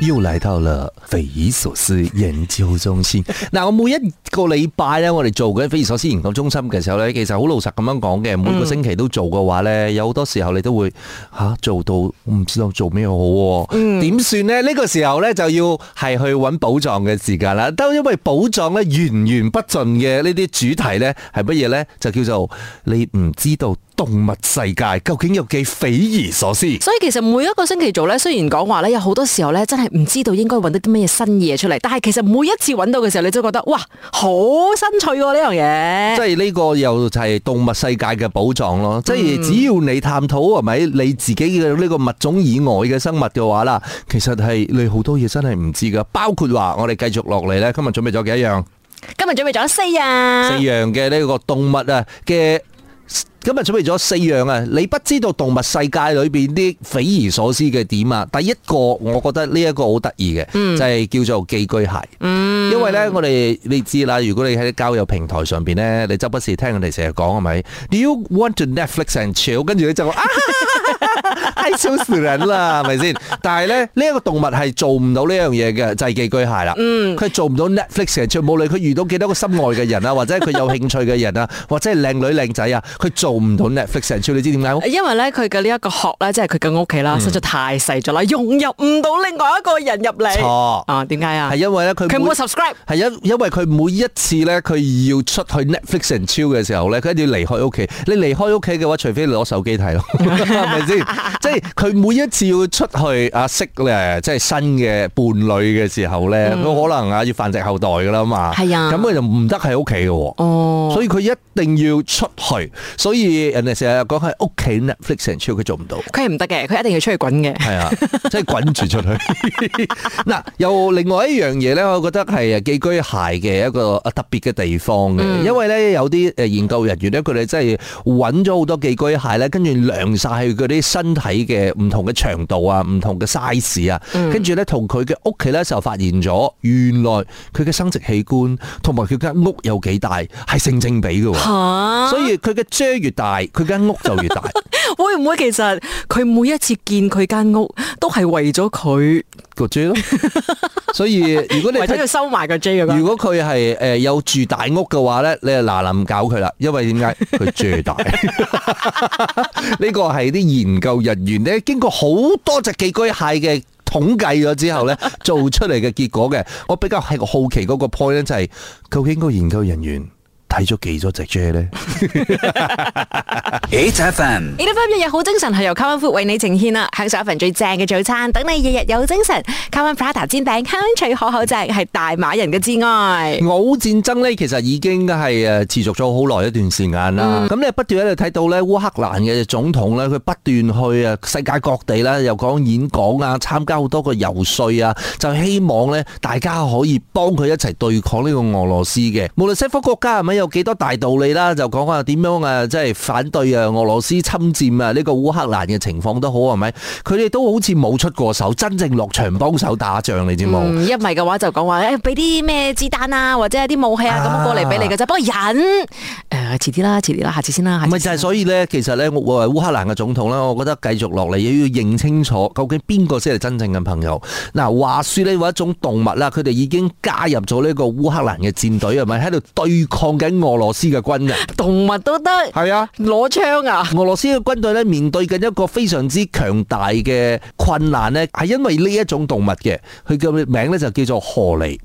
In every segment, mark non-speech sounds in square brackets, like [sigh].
又來到了匪夷所思研究中心。嗱，我每一個禮拜咧，我哋做緊匪夷所思研究中心嘅時候咧，其實好老實咁樣講嘅，每個星期都做嘅話咧，嗯、有好多時候你都會吓、啊、做到唔知道做咩好，點算咧？呢、這個時候咧就要係去揾寶藏嘅時間啦。都因為寶藏咧源源不盡嘅呢啲主題咧係乜嘢咧？就叫做你唔知道動物世界究竟有幾匪夷所思。所以其實每一個星期做咧，雖然講話咧有好多時候咧真係。唔知道應該揾到啲乜嘢新嘢出嚟，但係其實每一次揾到嘅時候，你都覺得哇，好新趣呢樣嘢。即係呢個又就係動物世界嘅寶藏咯。即係只要你探討係咪你自己嘅呢個物種以外嘅生物嘅話啦，其實係你好多嘢真係唔知噶。包括話我哋繼續落嚟呢，今日準備咗幾樣？今日準備咗四、啊、四樣。四樣嘅呢個動物啊嘅。今日準備咗四樣啊！你不知道動物世界裏面啲匪夷所思嘅點啊！第一個，我覺得呢一個好得意嘅，嗯、就係叫做寄居蟹。嗯，因為呢，我哋你知啦，如果你喺啲交友平台上面呢，你周不時聽人哋成日講係咪？Do you want to Netflix and chill？跟住你就話啊！ [laughs] 太笑死人啦，係咪先？但係咧，呢一個動物係做唔到呢樣嘢嘅，就係寄居蟹啦。嗯，佢做唔到 Netflix and Chill，無論佢遇到幾多個心愛嘅人啊，或者佢有興趣嘅人啊，或者係靚女靚仔啊，佢做唔到 Netflix and Chill。你知點解？因為咧，佢嘅呢一個殼咧，即係佢嘅屋企啦，實在太細咗啦，融入唔到另外一個人入嚟。錯啊？點解啊？係因為咧，佢佢冇 subscribe。係因因為佢每一次咧，佢要出去 Netflix and Chill 嘅時候咧，佢一定要離開屋企。你離開屋企嘅話，除非攞手機睇咯。即係，即係佢每一次要出去啊，識咧即係新嘅伴侶嘅時候咧，佢可能啊要繁殖後代噶啦嘛。係啊，咁佢就唔得喺屋企嘅，哦，所以佢一定要出去。所以人哋成日講喺屋企 Netflix and chill，佢做唔到。佢係唔得嘅，佢一定要出去滾嘅。係啊，即係滾住出去。嗱，又另外一樣嘢咧，我覺得係啊寄居蟹嘅一個啊特別嘅地方嘅，因為咧有啲誒研究人員咧，佢哋真係揾咗好多寄居蟹咧，跟住量曬佢嗰啲啲身體嘅唔同嘅長度啊，唔同嘅 size 啊，跟住咧同佢嘅屋企咧就發現咗，原來佢嘅生殖器官同埋佢間屋有幾大係成正比嘅、啊，蛤所以佢嘅 J 越大，佢間屋就越大。 [laughs] 會唔會其實佢每一次見佢間屋都係為咗佢個 J 咯？ [laughs] 所以如果你或者收埋個 J 如果佢係誒有住大屋嘅話咧，你就嗱嗱搞佢啦，因為點解佢住大呢個係啲研究人員咧，經過好多隻寄居蟹嘅統計咗之後咧，做出嚟嘅結果嘅，我比較係好奇嗰個 point 咧，就係究竟個研究人員。睇咗幾多隻嘢咧？Hey, Jeff, Jeff, 日日好精神，係由 Kawan Food 為你呈現啦，享受一份最正嘅早餐，等你日日有精神。Kawan Prata 煎餅香脆可口，正係大馬人嘅至愛。俄烏戰爭咧，其實已經係誒持續咗好耐一段時間啦。咁、嗯、你不斷喺度睇到咧烏克蘭嘅總統咧，佢不斷去啊世界各地啦，又講演講啊，參加好多個遊説啊，就希望咧大家可以幫佢一齊對抗呢個俄羅斯嘅。無論西方國家係咪有幾多大道理啦？就講下點樣誒，即係反對誒俄羅斯侵佔啊呢個烏克蘭嘅情況都好係咪？佢哋都好似冇出過手，真正落場幫手打仗你知冇？唔一係嘅話就講話誒，俾啲咩子彈啊，或者啲武器啊咁過嚟俾你嘅啫，啊、不過忍，誒、呃，遲啲啦，遲啲啦，下次先啦，唔係就係所以咧，其實咧，我係烏克蘭嘅總統啦，我覺得繼續落嚟要認清楚，究竟邊個先係真正嘅朋友？嗱，話說咧，話一種動物啦，佢哋已經加入咗呢個烏克蘭嘅戰隊，係咪喺度對抗嘅？喺俄羅斯嘅軍人，動物都得，係啊，攞槍啊！俄羅斯嘅軍隊咧，面對緊一個非常之強大嘅困難呢，係因為呢一種動物嘅，佢嘅名咧就叫做河狸。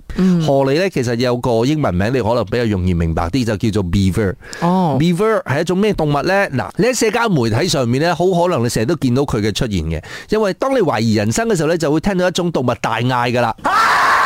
河狸呢其實有個英文名，你可能比較容易明白啲，就叫做 beaver。哦，beaver 係一種咩動物呢？嗱，你喺社交媒體上面呢，好可能你成日都見到佢嘅出現嘅，因為當你懷疑人生嘅時候呢，就會聽到一種動物大嗌噶啦。啊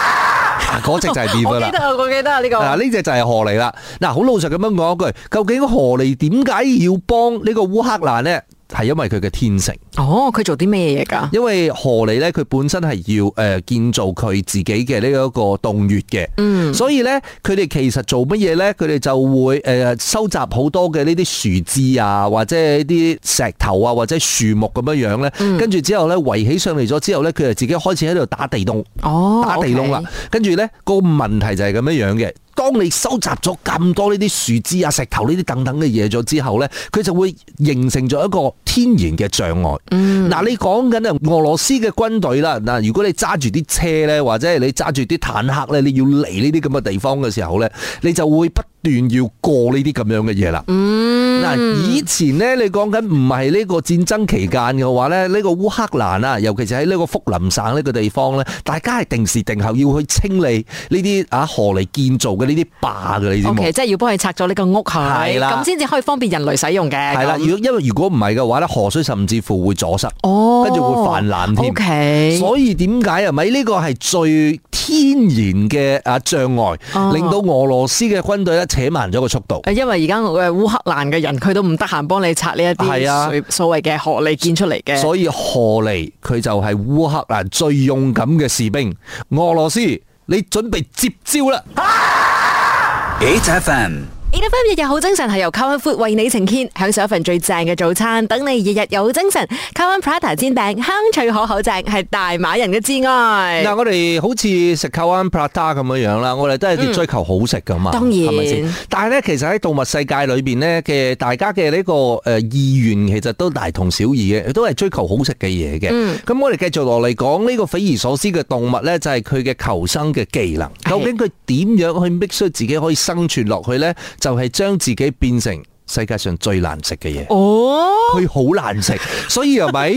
嗰隻就係咩啦？我記得，我記得呢個。嗱，呢隻就係荷嚟啦。嗱，好老實咁樣講一句，究竟河狸點解要幫呢個烏克蘭咧？係因為佢嘅天性。哦，佢做啲咩嘢嘢噶？因為河狸咧，佢本身係要誒建造佢自己嘅呢一個洞穴嘅。嗯。所以咧，佢哋其實做乜嘢咧？佢哋就會誒、呃、收集好多嘅呢啲樹枝啊，或者係啲石頭啊，或者樹木咁樣樣咧。跟住、嗯、之後咧，圍起上嚟咗之後咧，佢就自己開始喺度打地洞。哦。打地窿啦。跟住咧，個問題就係咁樣樣嘅。當你收集咗咁多呢啲樹枝啊、石頭呢啲等等嘅嘢咗之後呢，佢就會形成咗一個天然嘅障礙。嗱、嗯，你講緊啊俄羅斯嘅軍隊啦，嗱，如果你揸住啲車呢，或者係你揸住啲坦克呢，你要嚟呢啲咁嘅地方嘅時候呢，你就會。段要過呢啲咁樣嘅嘢啦。嗱、嗯，以前咧你講緊唔係呢個戰爭期間嘅話咧，呢、呢個烏克蘭啊，尤其是喺呢個福林省呢個地方咧，大家係定時定候要去清理呢啲啊河嚟建造嘅呢啲壩嘅，你知冇？O.K. 即係要幫佢拆咗呢個屋係，咁先至可以方便人類使用嘅。係啦，如果因為如果唔係嘅話咧，河水甚至乎會阻塞，跟住、哦、會泛濫添。O.K. 所以點解啊？咪、呢、呢個係最天然嘅啊障礙，哦、令到俄羅斯嘅軍隊咧。扯慢咗個速度，因為而家我嘅烏克蘭嘅人佢都唔得閒幫你拆呢一啲係啊，所謂嘅荷利建出嚟嘅，所以荷利佢就係烏克蘭最勇敢嘅士兵。俄羅斯你準備接招啦 h f m 你今日日日好精神係由卡溫闊為你呈現，享受一份最正嘅早餐，等你日日有精神。卡溫普拉塔煎餅香脆可口正，正係大馬人嘅至愛。嗱、嗯，我哋好似食卡溫普拉塔咁樣樣啦，我哋都係追求好食噶嘛，嗯。當然，係咪？先但係咧，其實喺動物世界裏邊呢，嘅大家嘅呢個誒意願，其實都大同小異嘅，都係追求好食嘅嘢嘅。咁、嗯、我哋繼續落嚟講呢、呢個匪夷所思嘅動物咧，就係佢嘅求生嘅技能。究竟佢點樣去搣出自己可以生存落去咧？就係將自己變成。世界上最難食嘅嘢，佢好、哦、難食，所以又咪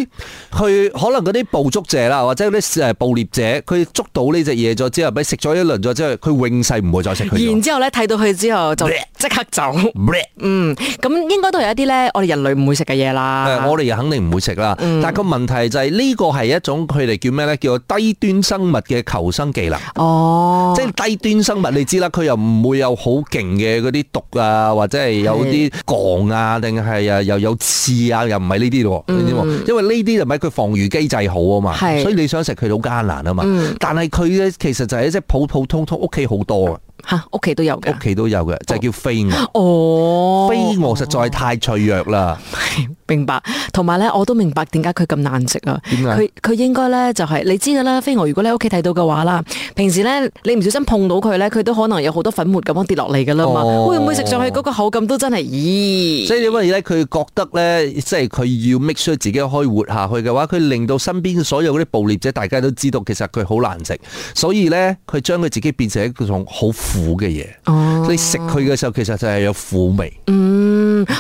佢可能嗰啲捕捉者啦，或者嗰啲誒捕獵者，佢捉到呢隻嘢咗之後，俾食咗一輪咗之後，佢永世唔會再食佢。然之後咧睇到佢之後就即、呃、刻走。呃、嗯，咁應該都有一啲咧，我哋人類唔會食嘅嘢啦。我哋肯定唔會食啦。嗯、但個問題就係呢個係一種佢哋叫咩咧？叫低端生物嘅求生技能。哦，即係低端生物，你知啦，佢又唔會有好勁嘅嗰啲毒啊，或者係有啲。戇啊，定係啊，又有刺啊，又唔係呢啲咯，你知冇、嗯、因為呢啲就咪佢防禦機制好啊嘛，是所以你想食佢好艱難啊嘛。嗯、但係佢咧，其實就係一隻普普通通家很，屋企好多嘅。吓，屋企、啊、都有嘅，屋企都有嘅，就係、是、叫飛蛾。哦，飛蛾實在太脆弱啦，明白。同埋咧，我都明白點解佢咁難食啊？點解佢佢應該咧就係、是、你知噶啦，飛蛾如果你屋企睇到嘅話啦，平時咧你唔小心碰到佢咧，佢都可能有好多粉末咁樣跌落嚟噶啦嘛。哦、會唔會食上去嗰個口感都真係，咦？所以點解咧？佢覺得咧，即係佢要 make sure 自己可以活下去嘅話，佢令到身邊所有嗰啲捕獵者大家都知道，其實佢好難食。所以咧，佢將佢自己變成一種好。苦嘅嘢，所以食佢嘅時候，其實就係有苦味。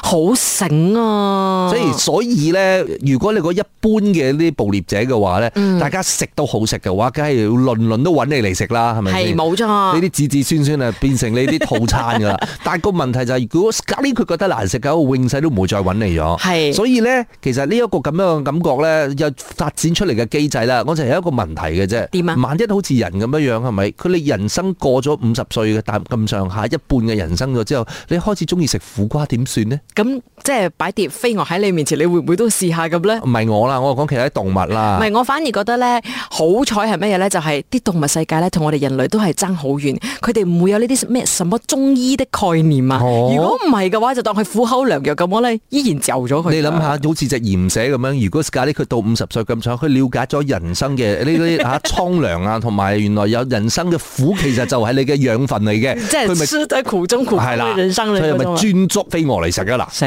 好醒啊！所以所以咧，如果你嗰一般嘅啲捕獵者嘅話咧，大家食都好食嘅話，梗係要輪輪都揾你嚟食啦，係咪？係冇錯。呢啲子子孫孫啊，變成你啲套餐噶啦。但係個問題就係，如果呢，佢覺得難食嘅，永世都唔會再揾你咗。係。所以咧，其實呢一個咁樣嘅感覺咧，又發展出嚟嘅機制啦，我就係有一個問題嘅啫。點啊？萬一好似人咁樣樣，係咪？佢哋人生過咗五十歲嘅，達咁上下一半嘅人生咗之後，你開始中意食苦瓜，點算？咁即係擺碟飛蛾喺你面前，你會唔會都試下咁咧？唔係我啦，我講其他動物啦。唔係我反而覺得咧，好彩係咩嘢咧？就係啲動物世界咧，同我哋人類都係爭好遠，佢哋唔會有呢啲咩什麼中醫的概念啊。如果唔係嘅話，就當佢苦口良藥咁，我咧依然就咗佢。你諗下，好似隻鹽蛇咁樣，如果咖喱佢到五十歲咁長，佢了解咗人生嘅呢啲吓蒼涼啊，同埋原來有人生嘅苦，其實就係你嘅養分嚟嘅。即係佢咪喺苦中苦，係啦人生。佢係咪專捉飛蛾嚟？死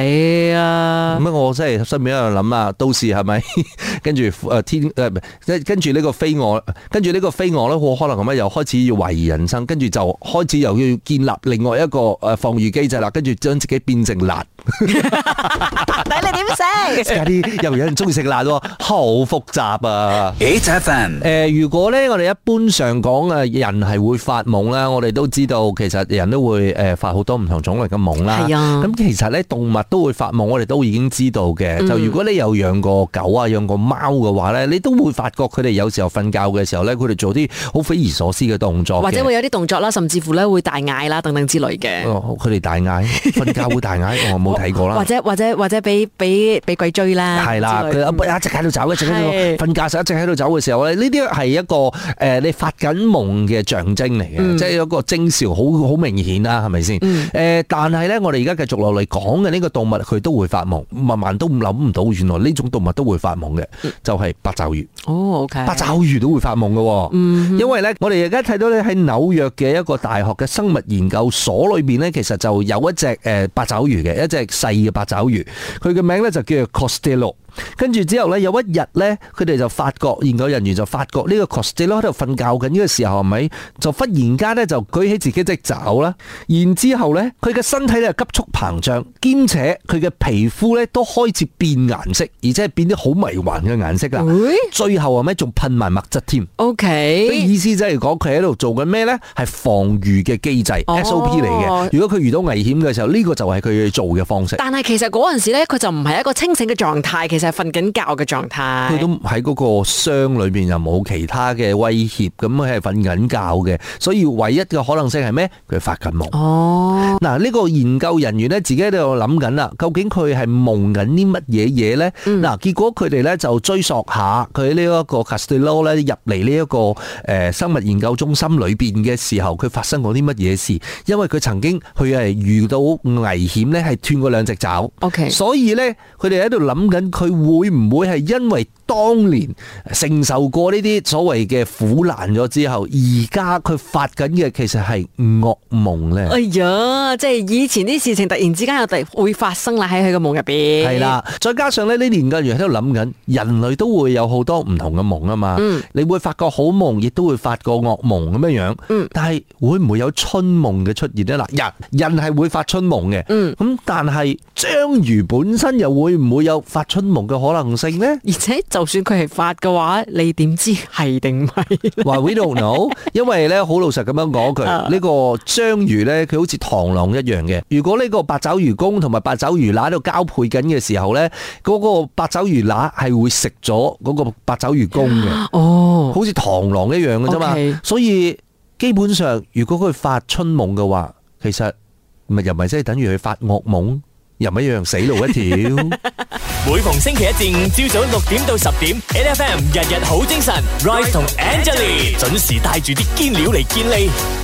啊！咁啊，我真係心入邊喺度諗啊，都市係咪跟住誒天誒，跟住呢、呃、個飛蛾，跟住呢個飛蛾咧，我可能咁啊，又開始要懷疑人生，跟住就開始又要建立另外一個誒防御機制啦，跟住將自己變成辣，睇 [laughs] [laughs] 你點食？又有人中意食辣喎，好複雜啊！誒 Jeffrey，誒如果咧，我哋一般上講啊，人係會發夢啦，我哋都知道，其實人都會誒發好多唔同種類嘅夢啦。係啊，咁其實咧。動物都會發夢，我哋都已經知道嘅。就如果你有養過狗啊、養過貓嘅話咧，你都會發覺佢哋有時候瞓覺嘅時候咧，佢哋做啲好匪夷所思嘅動作的，或者會有啲動作啦，甚至乎咧會大嗌啦等等之類嘅。佢哋、哦、大嗌，瞓覺會大嗌， [laughs] 我冇睇過啦。或者或者或者俾俾俾鬼追啦，係啦，佢、嗯、一直喺度走咧，一直喺度瞓覺，就一直喺度走嘅時候咧，呢啲係一個誒、呃，你發緊夢嘅象徵嚟嘅，嗯、即係一個徵兆，好好明顯啦、啊，係咪先？誒、嗯，但係咧，我哋而家繼續落嚟講。講嘅呢個動物佢都會發夢，慢慢都諗唔到原來呢種動物都會發夢嘅，就係、是、八爪魚。哦，O K，八爪魚都會發夢嘅。嗯、mm，hmm. 因為咧，我哋而家睇到咧，喺紐約嘅一個大學嘅生物研究所裏邊咧，其實就有一隻誒八爪魚嘅，一隻細嘅八爪魚，佢嘅名咧就叫做 Costello。跟住之後咧，有一日咧，佢哋就發覺研究人員就發覺呢個 c o s m 喺度瞓覺緊呢個時候係咪？就忽然間咧就舉起自己隻爪啦，然之後咧佢嘅身體咧急速膨脹，兼且佢嘅皮膚咧都開始變顏色，而且變啲好迷幻嘅顏色啦。欸、最後係咪仲噴埋墨質添。O Okay K。意思即係講佢喺度做緊咩咧？係防禦嘅機制 S O P 嚟嘅。如果佢遇到危險嘅時候，呢、這個就係佢做嘅方式。但係其實嗰陣時咧，佢就唔係一個清醒嘅狀態，就係瞓緊覺嘅狀態，佢都喺嗰個箱裏邊又冇其他嘅威脅，咁佢係瞓緊覺嘅，所以唯一嘅可能性係咩？佢發緊夢。哦，嗱呢個研究人員咧，自己喺度諗緊啦，究竟佢係夢緊啲乜嘢嘢咧？嗱，結果佢哋咧就追溯下佢呢一個 Castelo 咧入嚟呢一個誒生物研究中心裏邊嘅時候，佢發生過啲乜嘢事？因為佢曾經佢係遇到危險咧，係斷過兩隻爪。OK，所以咧佢哋喺度諗緊佢。會唔會係因為當年承受過呢啲所謂嘅苦難咗之後，而家佢發緊嘅其實係惡夢呢？哎呀，即係以前啲事情突然之間又突然會發生啦，喺佢個夢入邊。係啦，再加上呢啲研究人員喺度諗緊，人類都會有好多唔同嘅夢啊嘛。嗯，你會發個好夢，亦都會發個噩夢咁樣樣。嗯，但係會唔會有春夢嘅出現呢？嗱，人人係會發春夢嘅。嗯，咁但係章魚本身又會唔會有發春夢嘅可能性呢，而且就算佢係發嘅話，你點知係定唔係話 We don't know， [laughs] 因為呢，好老實咁樣講佢，呢 [laughs] 個章魚呢，佢好似螳螂一樣嘅。如果呢個八爪魚公同埋八爪魚乸喺度交配緊嘅時候呢，嗰、嗰個八爪魚乸係會食咗嗰個八爪魚公嘅。哦，oh。好似螳螂一樣嘅啫嘛。Okay. 所以基本上，如果佢發春夢嘅話，其實唔係，又唔係，即係等於佢發噩夢，又一樣死路一條。 [laughs] 每逢星期一至五朝早六點到十點，NFM 日日好精神，Rise 同 Angelie 準時帶住啲堅料嚟見你。